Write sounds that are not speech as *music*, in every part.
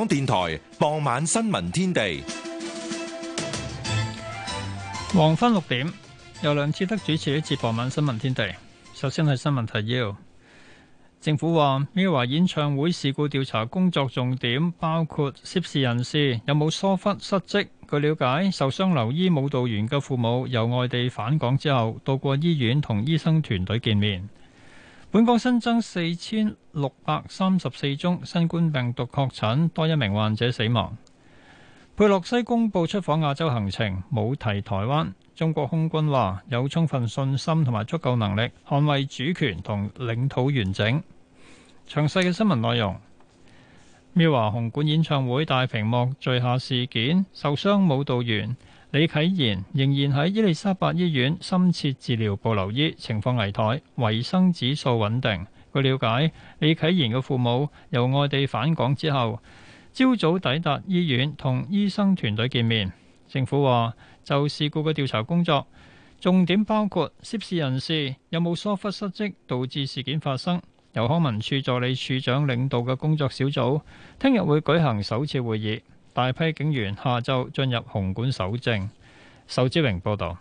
香港電台傍晚新聞天地，黃昏六點由梁智德主持一次傍晚新聞天地。首先係新聞提要，政府話 MIRROR 演唱會事故調查工作重點包括涉事人士有冇疏忽失職。據了解，受傷留醫舞蹈員嘅父母由外地返港之後，到過醫院同醫生團隊見面。本港新增四千六百三十四宗新冠病毒確診，多一名患者死亡。佩洛西公布出訪亞洲行程，冇提台灣。中國空軍話有充分信心同埋足夠能力捍衛主權同領土完整。詳細嘅新聞內容，MIRROR 紅館演唱會大屏幕墜下事件，受傷舞蹈員。李啟賢仍然喺伊利沙伯醫院深切治療部留醫，情況危殆，維生指數穩定。據了解，李啟賢嘅父母由外地返港之後，朝早抵達醫院同醫生團隊見面。政府話就事故嘅調查工作，重點包括涉事人士有冇疏忽失職導致事件發生。由康文署助理署長領導嘅工作小組，聽日會舉行首次會議。大批警員下晝進入紅館搜證，仇志榮報道。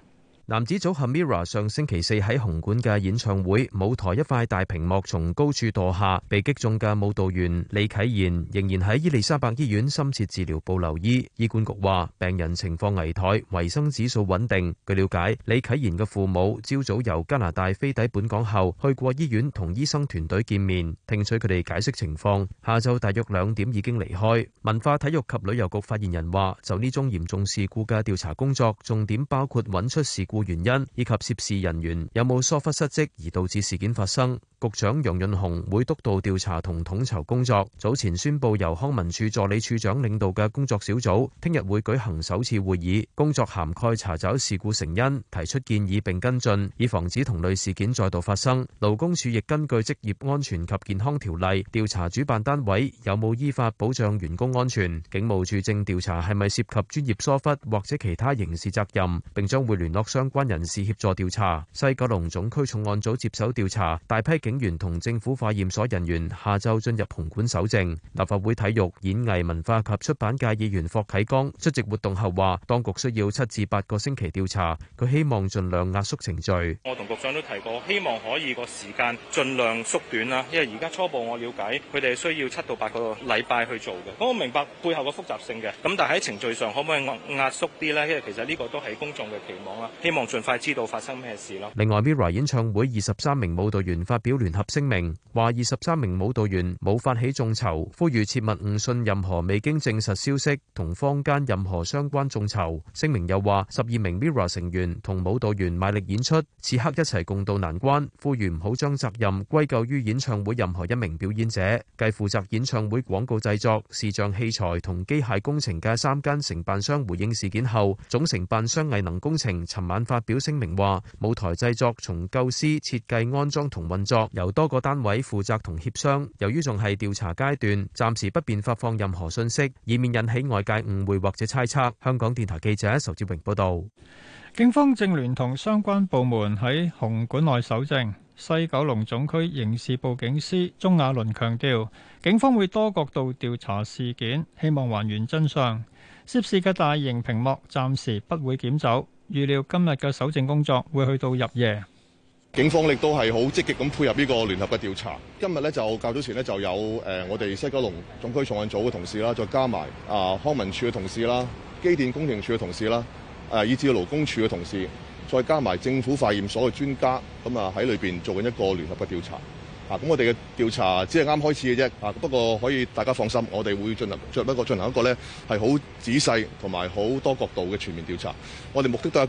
男子組合 MIRROR 上星期四喺紅館嘅演唱會舞台一塊大屏幕從高處墮下，被擊中嘅舞蹈員李啟賢仍然喺伊利沙伯醫院深切治療部留醫。醫管局話病人情況危殆，維生指數穩定。據了解，李啟賢嘅父母朝早由加拿大飛抵本港後，去過醫院同醫生團隊見面，聽取佢哋解釋情況。下晝大約兩點已經離開。文化體育及旅遊局發言人話，就呢宗嚴重事故嘅調查工作，重點包括揾出事故。原因以及涉事人員有冇疏忽失職而導致事件發生。局長楊潤雄會督導調查同統籌工作。早前宣布由康文署助理處長領導嘅工作小組，聽日會舉行首次會議，工作涵蓋查找事故成因、提出建議並跟進，以防止同類事件再度發生。勞工處亦根據職業安全及健康條例調查主辦單位有冇依法保障員工安全。警務處正調查係咪涉及專業疏忽或者其他刑事責任，並將會聯絡相關人士協助調查，西九龍總區重案組接手調查。大批警員同政府化驗所人員下晝進入紅館搜證。立法會體育、演藝、文化及出版界議員霍啟剛出席活動後話，當局需要七至八個星期調查，佢希望盡量壓縮程序。我同局長都提過，希望可以個時間盡量縮短啦，因為而家初步我了解佢哋係需要七到八個禮拜去做嘅。我明白背後嘅複雜性嘅，咁但係喺程序上可唔可以壓壓縮啲呢？因為其實呢個都係公眾嘅期望啦。希望盡快知道發生咩事咯。另外，Mirror 演唱會二十三名舞蹈員發表聯合聲明，話二十三名舞蹈員冇發起眾籌，呼籲切勿誤信任何未經證實消息同坊間任何相關眾籌。聲明又話，十二名 Mirror 成員同舞蹈員賣力演出，此刻一齊共度難關，呼籲唔好將責任歸咎於演唱會任何一名表演者。繼負責演唱會廣告製作、視像器材同機械工程嘅三間承辦商回應事件後，總承辦商藝能工程尋晚，發表聲明話，舞台製作從構思、設計、安裝同運作由多個單位負責同協商。由於仲係調查階段，暫時不便發放任何信息，以免引起外界誤會或者猜測。香港電台記者仇志榮報道。警方正聯同相關部門喺紅館內搜證。西九龍總區刑事部警司鍾亞倫強調，警方會多角度調查事件，希望還原真相。涉事嘅大型屏幕暫時不會檢走。預料今日嘅搜證工作會去到入夜。警方亦都係好積極咁配合呢個聯合嘅調查。今日咧，就較早前咧，就有誒，我哋西九龍總區重案組嘅同事啦，再加埋啊康文署嘅同事啦、機電工程署嘅同事啦、誒，以至勞工處嘅同事，再加埋政府化驗所嘅專家，咁啊喺裏邊做緊一個聯合嘅調查。啊！咁我哋嘅調查只係啱開始嘅啫，啊！不過可以大家放心，我哋會進行作一個進行一個咧係好仔細同埋好多角度嘅全面調查。我哋目的都係一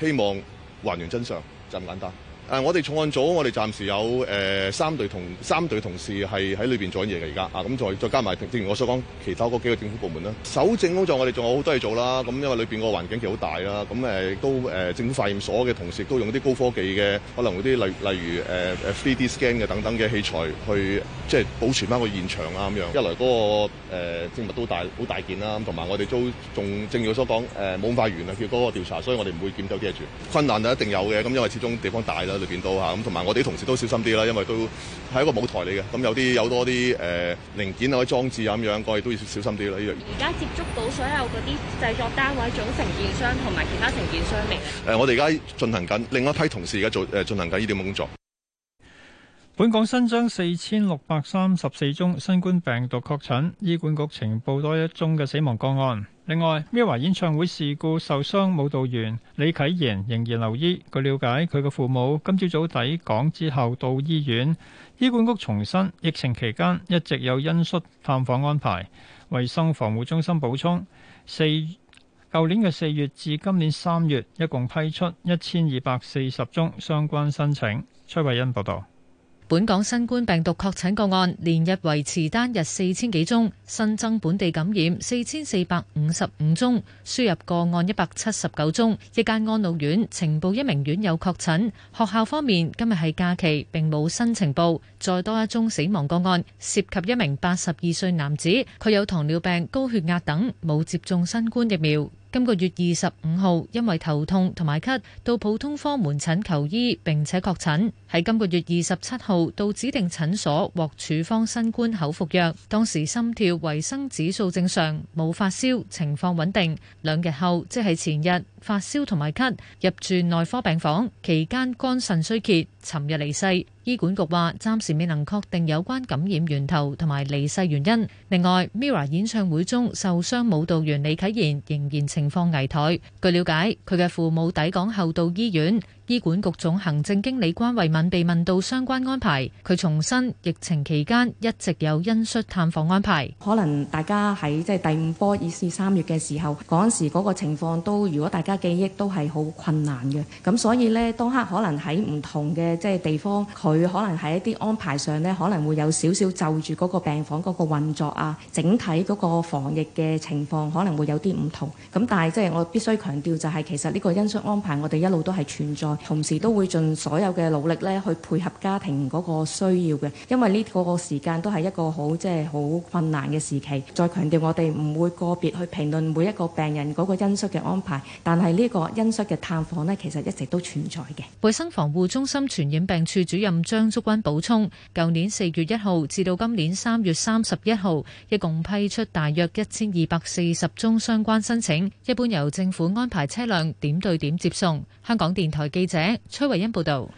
個，希望還原真相就咁簡單。誒，我哋重案組，我哋暫時有誒三隊同三隊同事係喺裏邊做緊嘢嘅，而家啊，咁再再加埋，正如我所講，其他幾個政府部門啦，搜證工作我哋仲有好多嘢做啦。咁因為裏邊個環境其實好大啦，咁誒都誒政府化驗所嘅同事都用啲高科技嘅，可能啲例例如誒 f 3D scan 嘅等等嘅器材去即係保存翻個現場啊，咁樣一來嗰個，誒證物都很大好大件啦，同埋我哋都仲正如我所講，誒冇咁快完啊，叫嗰個調查，所以我哋唔會檢走啲嘢住。困難就、啊、一定有嘅，咁因為始終地方大啦。裏邊都嚇咁，同埋我哋啲同事都小心啲啦，因為都係一個舞台嚟嘅，咁、嗯、有啲有多啲誒、呃、零件啊、裝置啊咁樣，各位都要小心啲啦。呢樣。而家接觸到所有嗰啲製作單位、總承建商同埋其他承建商面。誒、呃，我哋而家進行緊另一批同事而家做誒進行緊呢啲工作。本港新增四千六百三十四宗新冠病毒確診，醫管局呈報多一宗嘅死亡個案。另外，MIRROR 演唱會事故受傷舞蹈員李啟言仍然留醫。據了解，佢嘅父母今朝早抵港之後到醫院。醫管局重申，疫情期間一直有恩恤探訪安排。衛生防護中心補充，四舊年嘅四月至今年三月，一共批出一千二百四十宗相關申請。崔慧欣報道。本港新冠病毒確診個案連日維持單日四千幾宗，新增本地感染四千四百五十五宗，輸入個案一百七十九宗。一間安老院呈報一名院友確診。學校方面今日係假期，並冇新呈報。再多一宗死亡個案，涉及一名八十二歲男子，佢有糖尿病、高血壓等，冇接種新冠疫苗，今個月二十五號，因為頭痛同埋咳，到普通科門診求醫，並且確診。喺今個月二十七號，到指定診所獲處方新冠口服藥，當時心跳維生指數正常，冇發燒，情況穩定。兩日後，即係前日，發燒同埋咳，入住內科病房，期間肝腎衰竭，尋日離世。醫管局話，暫時未能確定有關感染源頭同埋離世原因。另外，MIRROR 演唱會中受傷舞蹈員李啟賢仍然情況危殆。據了解，佢嘅父母抵港後到醫院。醫管局總行政經理關惠敏被問到相關安排，佢重申，疫情期間一直有因恤探訪安排。可能大家喺即係第五波，二至三月嘅時候，嗰時嗰個情況都，如果大家記憶都係好困難嘅。咁所以呢，當刻可能喺唔同嘅即係地方，佢可能喺一啲安排上呢，可能會有少少就住嗰個病房嗰個運作啊，整體嗰個防疫嘅情況可能會有啲唔同。咁但係即係我必須強調就係、是，其實呢個因恤安排我哋一路都係存在。同時都會盡所有嘅努力咧，去配合家庭嗰個需要嘅，因為呢個時間都係一個好即係好困難嘅時期。再強調我哋唔會個別去評論每一個病人嗰個因素嘅安排，但係呢個因素嘅探訪咧，其實一直都存在嘅。衛生防護中心傳染病處主任張竹君補充，舊年四月一號至到今年三月三十一號一共批出大約一千二百四十宗相關申請，一般由政府安排車輛點對點接送。香港電台記者崔慧欣報道，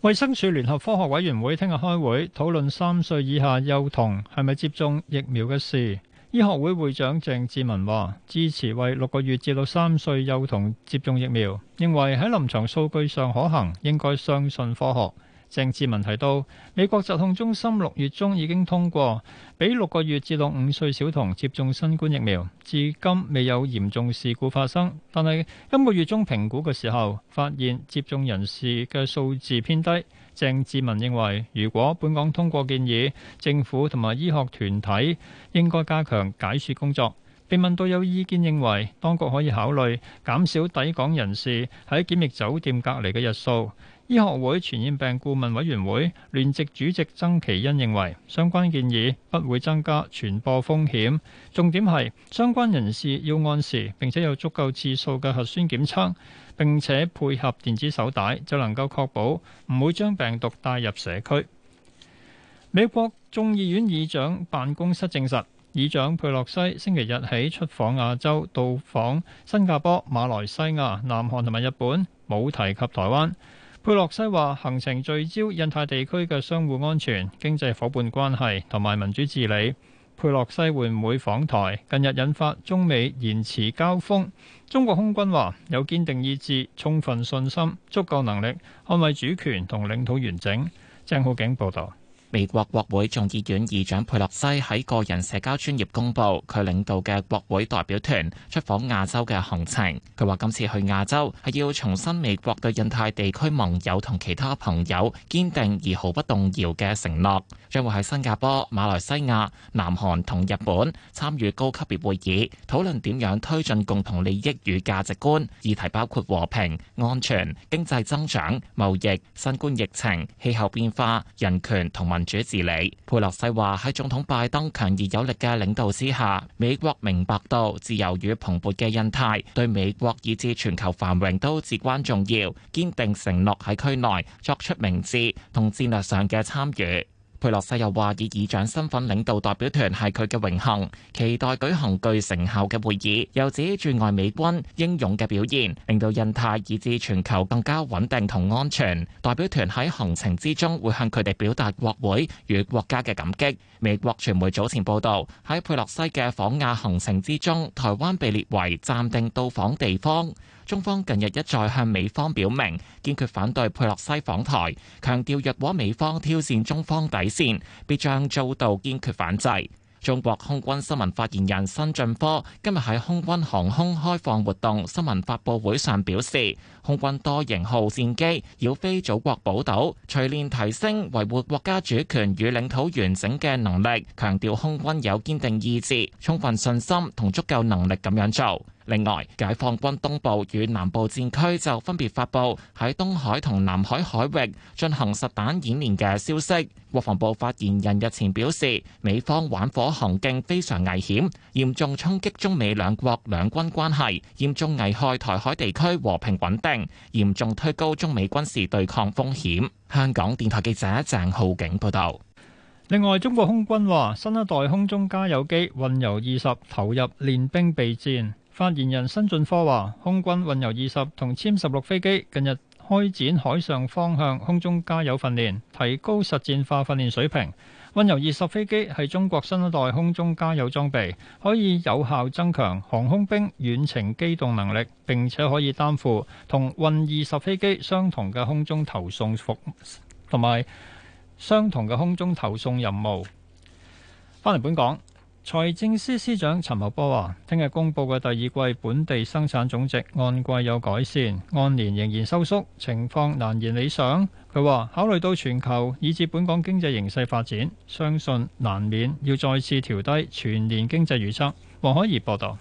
衛生署聯合科學委員會聽日開會討論三歲以下幼童係咪接種疫苗嘅事。醫學會會長鄭志文話，支持為六個月至到三歲幼童接種疫苗，認為喺臨床數據上可行，應該相信科學。鄭志文提到，美國疾控中心六月中已經通過，俾六個月至到五歲小童接種新冠疫苗，至今未有嚴重事故發生。但係今個月中評估嘅時候，發現接種人士嘅數字偏低。鄭志文認為，如果本港通過建議，政府同埋醫學團體應該加強解說工作。被問到有意見認為，當局可以考慮減少抵港人士喺檢疫酒店隔離嘅日數。醫學會傳染病顧問委員會聯席主席曾其恩認為，相關建議不會增加傳播風險。重點係相關人士要按時，並且有足夠次數嘅核酸檢測，並且配合電子手帶，就能夠確保唔會將病毒帶入社區。美國眾議院議長辦公室證實，議長佩洛西星期日起出訪亞洲，到訪新加坡、馬來西亞、南韓同埋日本，冇提及台灣。佩洛西話行程聚焦印太地區嘅相互安全、經濟伙伴關係同埋民主治理。佩洛西會唔會訪台？近日引發中美言辭交鋒。中國空軍話有堅定意志、充分信心、足夠能力捍衞主權同領土完整。張浩景報導。美國國會眾議院議長佩洛西喺個人社交專頁公布佢領導嘅國會代表團出訪亞洲嘅行程。佢話：今次去亞洲係要重申美國對印太地區盟友同其他朋友堅定而毫不動搖嘅承諾。將會喺新加坡、馬來西亞、南韓同日本參與高級別會議，討論點樣推進共同利益與價值觀。議題包括和平、安全、經濟增長、貿易、新冠疫情、氣候變化、人權同埋民主治理。佩洛西話喺總統拜登強而有力嘅領導之下，美國明白到自由與蓬勃嘅印太對美國以至全球繁榮都至關重要，堅定承諾喺區內作出明智同戰略上嘅參與。佩洛西又話以議長身份領導代表團係佢嘅榮幸，期待舉行具成效嘅會議，又指駐外美軍英勇嘅表現令到印太以至全球更加穩定同安全。代表團喺行程之中會向佢哋表達國會與國家嘅感激。美國傳媒早前報道，喺佩洛西嘅訪亞行程之中，台灣被列為暫定到訪地方。中方近日一再向美方表明堅決反對佩洛西訪台，強調若果美方挑戰中方底線，必將遭到堅決反制。中國空軍新聞發言人申進科今日喺空軍航空開放活動新聞發佈會上表示，空軍多型號戰機繞飛祖國寶島，錘煉提升維護國家主權與領土完整嘅能力，強調空軍有堅定意志、充分信心同足夠能力咁樣做。另外，解放軍東部與南部戰區就分別發布喺東海同南海海域進行實彈演練嘅消息。國防部發言人日前表示，美方玩火行徑非常危險，嚴重衝擊中美兩國兩軍關係，嚴重危害台海地區和平穩定，嚴重推高中美軍事對抗風險。香港電台記者鄭浩景報道。另外，中國空軍話，新一代空中加油機運油二十投入練兵備戰。發言人申進科話，空軍運油二十同殲十六飛機近日開展海上方向空中加油訓練，提高實戰化訓練水平。運油二十飛機係中國新一代空中加油裝備，可以有效增強航空兵遠程機動能力，並且可以擔負同運二十飛機相同嘅空中投送服同埋相同嘅空中投送任務。翻嚟本港。財政司司長陳茂波話，聽日公布嘅第二季本地生產總值按季有改善，按年仍然收縮，情況難言理想。佢話，考慮到全球以至本港經濟形勢發展，相信難免要再次調低全年經濟預測。黃海怡報道。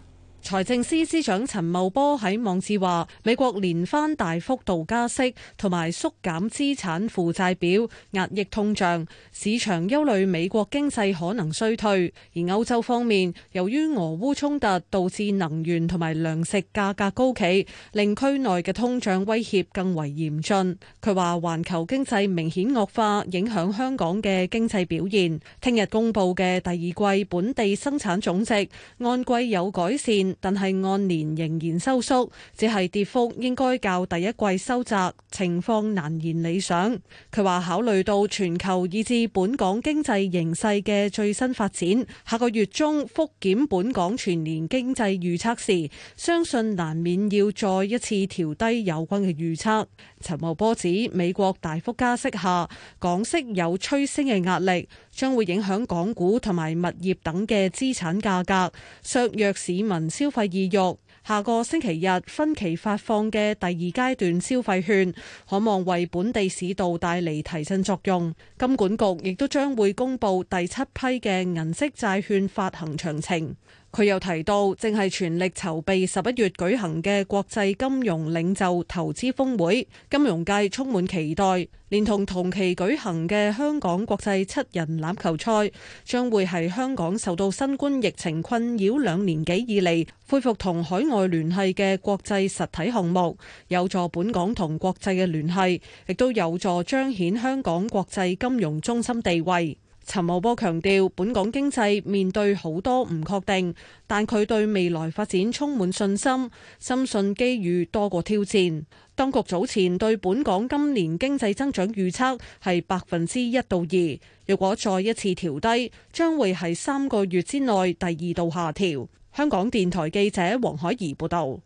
財政司司長陳茂波喺網誌話：美國連番大幅度加息同埋縮減資產負債表，壓抑通脹。市場憂慮美國經濟可能衰退。而歐洲方面，由於俄烏衝突導致能源同埋糧食價格高企，令區內嘅通脹威脅更為嚴峻。佢話環球經濟明顯惡化，影響香港嘅經濟表現。聽日公布嘅第二季本地生產總值，按季有改善。但係按年仍然收縮，只係跌幅應該較第一季收窄，情況難言理想。佢話考慮到全球以至本港經濟形勢嘅最新發展，下個月中覆檢本港全年經濟預測時，相信難免要再一次調低有關嘅預測。陳茂波指美國大幅加息下，港息有趨升嘅壓力。將會影響港股同埋物業等嘅資產價格，削弱市民消費意欲。下個星期日分期發放嘅第二階段消費券，可望為本地市道帶嚟提振作用。金管局亦都將會公布第七批嘅銀色債券發行詳情。佢又提到，正係全力籌備十一月舉行嘅國際金融領袖投資峰會，金融界充滿期待。連同同期舉行嘅香港國際七人欖球賽，將會係香港受到新冠疫情困擾兩年幾以嚟，恢復同海外聯繫嘅國際實體項目，有助本港同國際嘅聯繫，亦都有助彰顯香港國際金融中心地位。陳茂波強調，本港經濟面對好多唔確定，但佢對未來發展充滿信心，深信機遇多過挑戰。當局早前對本港今年經濟增長預測係百分之一到二，若果再一次調低，將會係三個月之內第二度下調。香港電台記者黃海怡報道。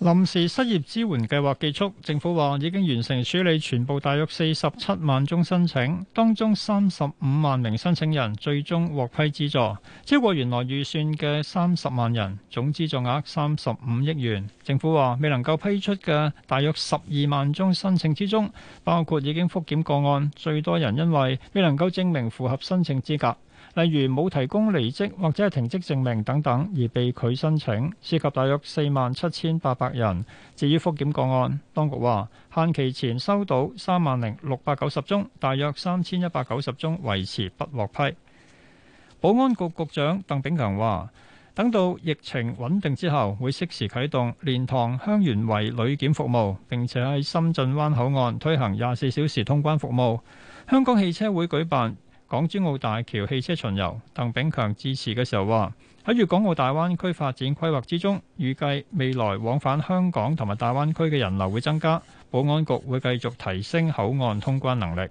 臨時失業支援計劃結束，政府話已經完成處理全部大約四十七萬宗申請，當中三十五萬名申請人最終獲批資助，超過原來預算嘅三十萬人，總資助額三十五億元。政府話未能夠批出嘅大約十二萬宗申請之中，包括已經復檢個案，最多人因為未能夠證明符合申請資格。例如冇提供離職或者係停職證明等等而被拒申請，涉及大約四萬七千八百人。至於複檢個案，當局話限期前收到三萬零六百九十宗，大約三千一百九十宗維持不獲批。保安局局長鄧炳強話等到疫情穩定之後會適時啟動蓮塘香園圍旅檢服務，並且喺深圳灣口岸推行廿四小時通關服務，香港汽車會舉辦港珠澳大橋汽車巡遊，鄧炳強致辭嘅時候話：喺粵港澳大灣區發展規劃之中，預計未來往返香港同埋大灣區嘅人流會增加，保安局會繼續提升口岸通關能力。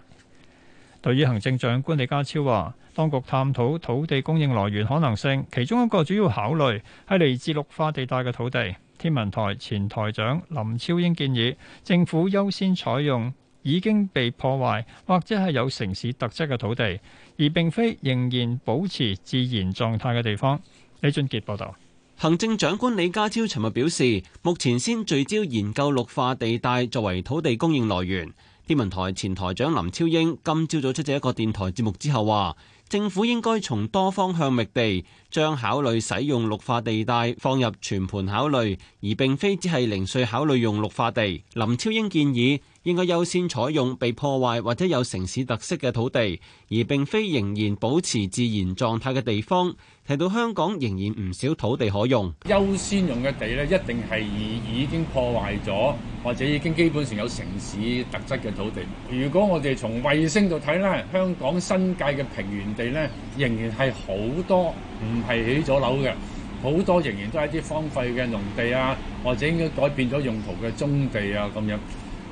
對於行政長官李家超話，當局探討土地供應來源可能性，其中一個主要考慮係嚟自綠化地帶嘅土地。天文台前台長林超英建議，政府優先採用。已經被破壞或者係有城市特質嘅土地，而並非仍然保持自然狀態嘅地方。李俊傑報道，行政長官李家超尋日表示，目前先聚焦研究綠化地帶作為土地供應來源。天文台前台長林超英今朝早出席一個電台節目之後話，政府應該從多方向覓地，將考慮使用綠化地帶放入全盤考慮，而並非只係零碎考慮用綠化地。林超英建議。應該優先採用被破壞或者有城市特色嘅土地，而並非仍然保持自然狀態嘅地方。提到香港仍然唔少土地可用。優先用嘅地咧，一定係已已經破壞咗或者已經基本上有城市特質嘅土地。如果我哋從衛星度睇咧，香港新界嘅平原地咧仍然係好多唔係起咗樓嘅，好多仍然都係一啲荒廢嘅農地啊，或者應該改變咗用途嘅棕地啊咁樣。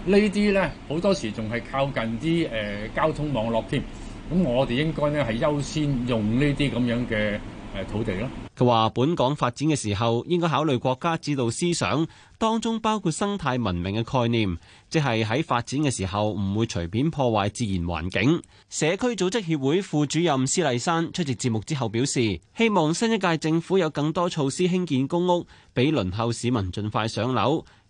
呢啲呢好多時仲係靠近啲誒、呃、交通網絡添，咁我哋應該呢係優先用呢啲咁樣嘅誒土地咯。佢話：本港發展嘅時候應該考慮國家指導思想，當中包括生態文明嘅概念，即係喺發展嘅時候唔會隨便破壞自然環境。社區組織協會副主任施麗珊出席節目之後表示，希望新一屆政府有更多措施興建公屋，俾輪候市民盡快上樓。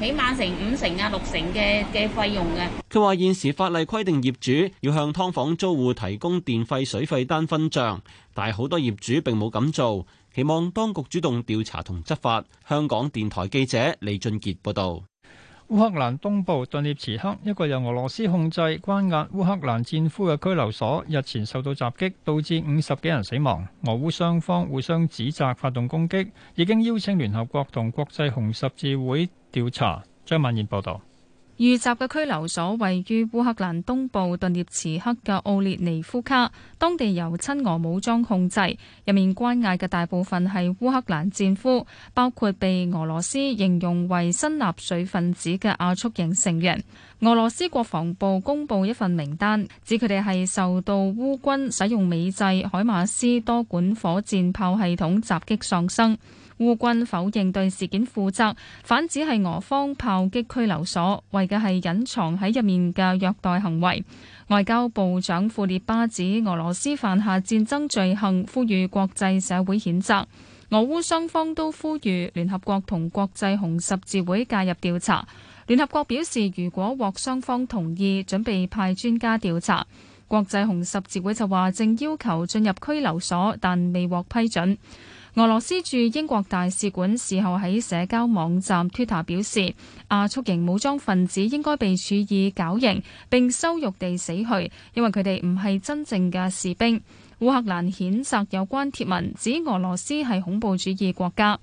起碼成五成啊六成嘅嘅費用嘅。佢話現時法例規定業主要向劏房租戶提供電費水費單分賬，但係好多業主並冇咁做，期望當局主動調查同執法。香港電台記者李俊杰報道。烏克蘭東部頓涅茨克一個由俄羅斯控制、關押烏克蘭戰俘嘅拘留所日前受到襲擊，導致五十幾人死亡。俄烏雙方互相指責發動攻擊，已經邀請聯合國同國際紅十字會調查。張曼燕報道。遇襲嘅拘留所位於烏克蘭東部頓涅茨克嘅奧列尼夫卡，當地由親俄武裝控制，入面關押嘅大部分係烏克蘭戰俘，包括被俄羅斯形容為新納粹分子嘅亞速營成員。俄羅斯國防部公布一份名單，指佢哋係受到烏軍使用美製海馬斯多管火箭炮系統襲擊喪生。烏軍否認對事件負責，反指係俄方炮擊拘留所，為嘅係隱藏喺入面嘅虐待行為。外交部長庫列巴指俄羅斯犯下戰爭罪行，呼籲國際社會譴責。俄烏雙方都呼籲聯合國同國際紅十字會介入調查。聯合國表示，如果獲雙方同意，準備派專家調查。國際紅十字會就話正要求進入拘留所，但未獲批准。俄羅斯駐英國大使館事後喺社交網站 Twitter 表示：亞速營武裝分子應該被處以絞刑，並羞辱地死去，因為佢哋唔係真正嘅士兵。烏克蘭譴責有關貼文，指俄羅斯係恐怖主義國家。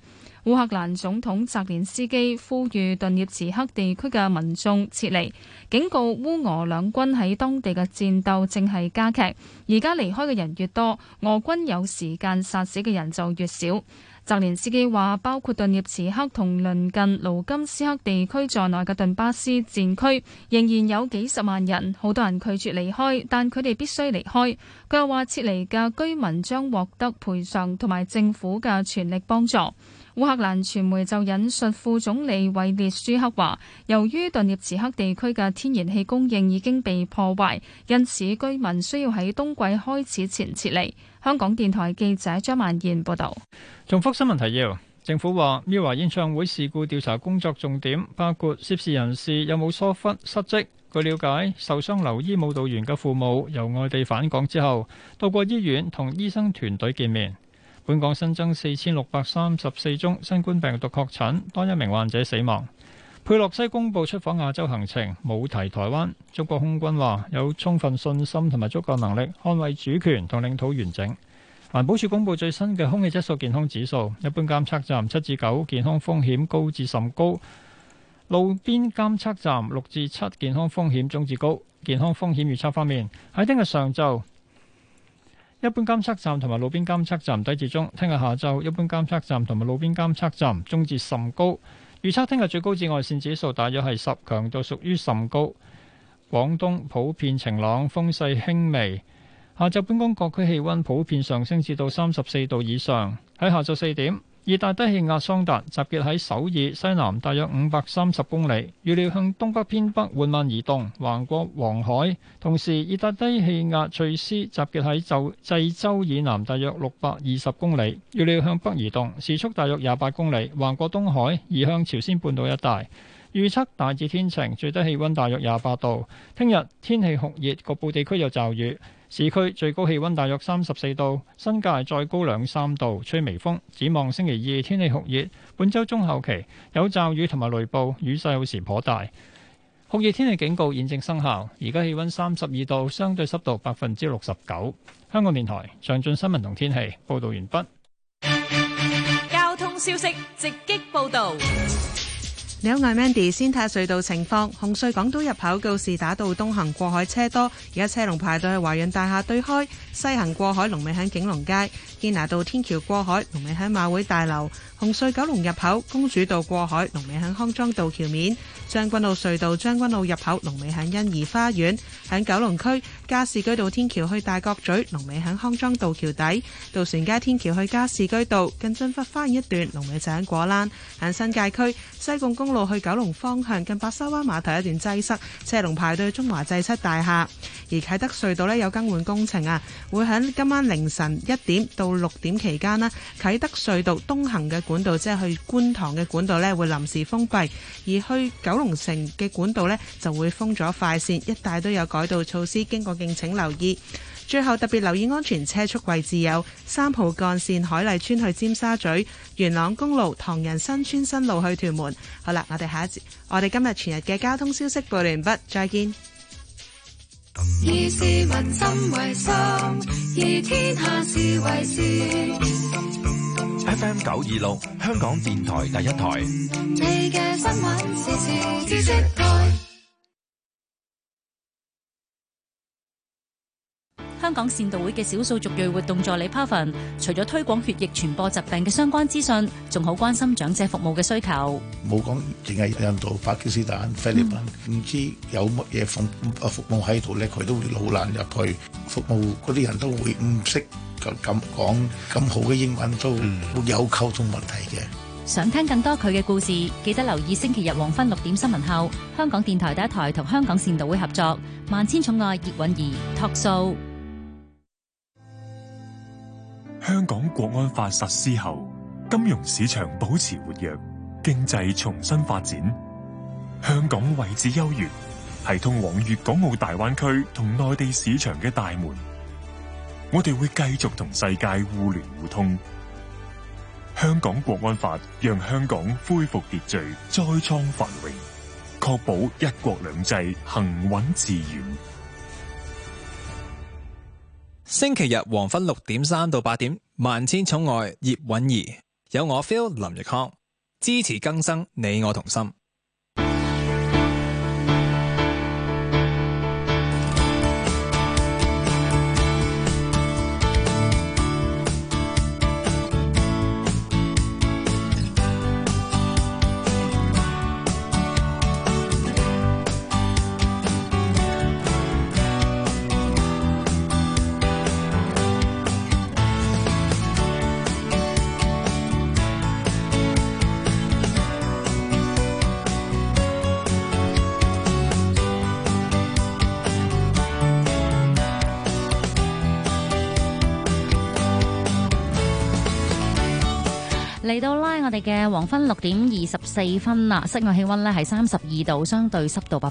烏克蘭總統澤連斯基呼籲頓涅茨克地區嘅民眾撤離，警告烏俄兩軍喺當地嘅戰鬥正係加劇。而家離開嘅人越多，俄軍有時間殺死嘅人就越少。澤連斯基話，包括頓涅茨克同鄰近盧金斯克地區在內嘅頓巴斯戰區，仍然有幾十萬人，好多人拒絕離開，但佢哋必須離開。佢又話，撤離嘅居民將獲得賠償同埋政府嘅全力幫助。烏克蘭傳媒就引述副總理維列舒克話，由於頓涅茨克地區嘅天然氣供應已經被破壞，因此居民需要喺冬季開始前撤離。香港電台記者張曼燕報道。重複新聞提要：政府話，MIRROR 演唱會事故調查工作重點包括涉事人士有冇疏忽失職。據了解，受傷留醫舞蹈員嘅父母由外地返港之後，到過醫院同醫生團隊見面。本港新增四千六百三十四宗新冠病毒確診，當一名患者死亡。佩洛西公布出訪亞洲行程，冇提台灣。中國空軍話有充分信心同埋足夠能力捍衛主權同領土完整。環保署公布最新嘅空氣質素健康指數，一般監測站七至九，健康風險高至甚高；路邊監測站六至七，健康風險中至高。健康風險預測方面，喺聽日上晝。一般監測站同埋路邊監測站低至中，聽日下晝一般監測站同埋路邊監測站中至甚高。預測聽日最高紫外線指數大約係十強度，屬於甚高。廣東普遍晴朗，風勢輕微。下晝本港各區氣温普遍上升至到三十四度以上。喺下晝四點。熱帶低氣壓桑達集結喺首爾西南大約五百三十公里，預料向東北偏北緩慢移動，橫過黃海。同時，熱帶低氣壓翠絲集結喺濟州以南大約六百二十公里，預料向北移動，時速大約廿八公里，橫過東海，移向朝鮮半島一帶。預測大致天晴，最低氣溫大約廿八度。聽日天氣酷熱，局部地區有驟雨，市區最高氣溫大約三十四度，新界再高兩三度，吹微風。展望星期二天氣酷熱，本周中後期有驟雨同埋雷暴，雨勢有時頗大。酷熱天氣警告現正生效，而家氣溫三十二度，相對濕度百分之六十九。香港電台詳盡新聞同天氣報道完畢。交通消息直擊報道。你好，我係 Mandy 先睇下隧道情況。紅隧港島入口告士打道東行過海車多，而家車龍排到去華潤大廈對開；西行過海龍尾喺景隆街。堅拿道天橋過海，龍尾喺馬會大樓；紅隧九龍入口，公主道過海，龍尾喺康莊道橋面；將軍澳隧道將軍澳入口，龍尾喺欣怡花園；喺九龍區加士居道天橋去大角咀，龍尾喺康莊道橋底；渡船街天橋去加士居道近駿發花園一段，龍尾就喺果欄；喺新界區西貢公路去九龍方向近白沙灣碼頭一段擠塞，車龍排隊中華製漆大廈；而啟德隧道呢，有更換工程啊，會喺今晚凌晨一點到。到六點期間呢，啟德隧道東行嘅管道，即係去觀塘嘅管道呢，會臨時封閉；而去九龍城嘅管道呢就會封咗快線，一帶都有改道措施，經過敬請留意。最後特別留意安全車速位置，有三號幹線海麗村、去尖沙咀、元朗公路唐人新村新路去屯門。好啦，我哋下一節，我哋今日全日嘅交通消息報完畢，再見。以市民心為心，以天下事為事。 *music* FM 九二六，香港電台第一台。 *music* 你香港善道會嘅少數族裔活動助理 Pavan，除咗推廣血液傳播疾病嘅相關資訊，仲好關心長者服務嘅需求。冇講淨係印度、巴基斯坦、菲律賓，唔知有乜嘢服啊服務喺度咧，佢都會好難入去服務嗰啲人都會唔識咁咁講咁好嘅英文，都會有溝通問題嘅。想聽更多佢嘅故事，記得留意星期日黃昏六點新聞後，香港電台第一台同香港善道會合作《萬千寵愛葉韻儀》Talk Show。香港國安法實施後，金融市場保持活躍，經濟重新發展。香港位置優越，係通往粵港澳大灣區同內地市場嘅大門。我哋會繼續同世界互聯互通。香港國安法讓香港恢復秩序，再創繁榮，確保一國兩制行穩致遠。星期日黃昏六點三到八點，萬千寵愛葉韻儀，有我 Phil 林奕匡，支持更生，你我同心。嚟到啦！我哋嘅黃昏六點二十四分啦，室外氣溫咧係三十二度，相對濕度百。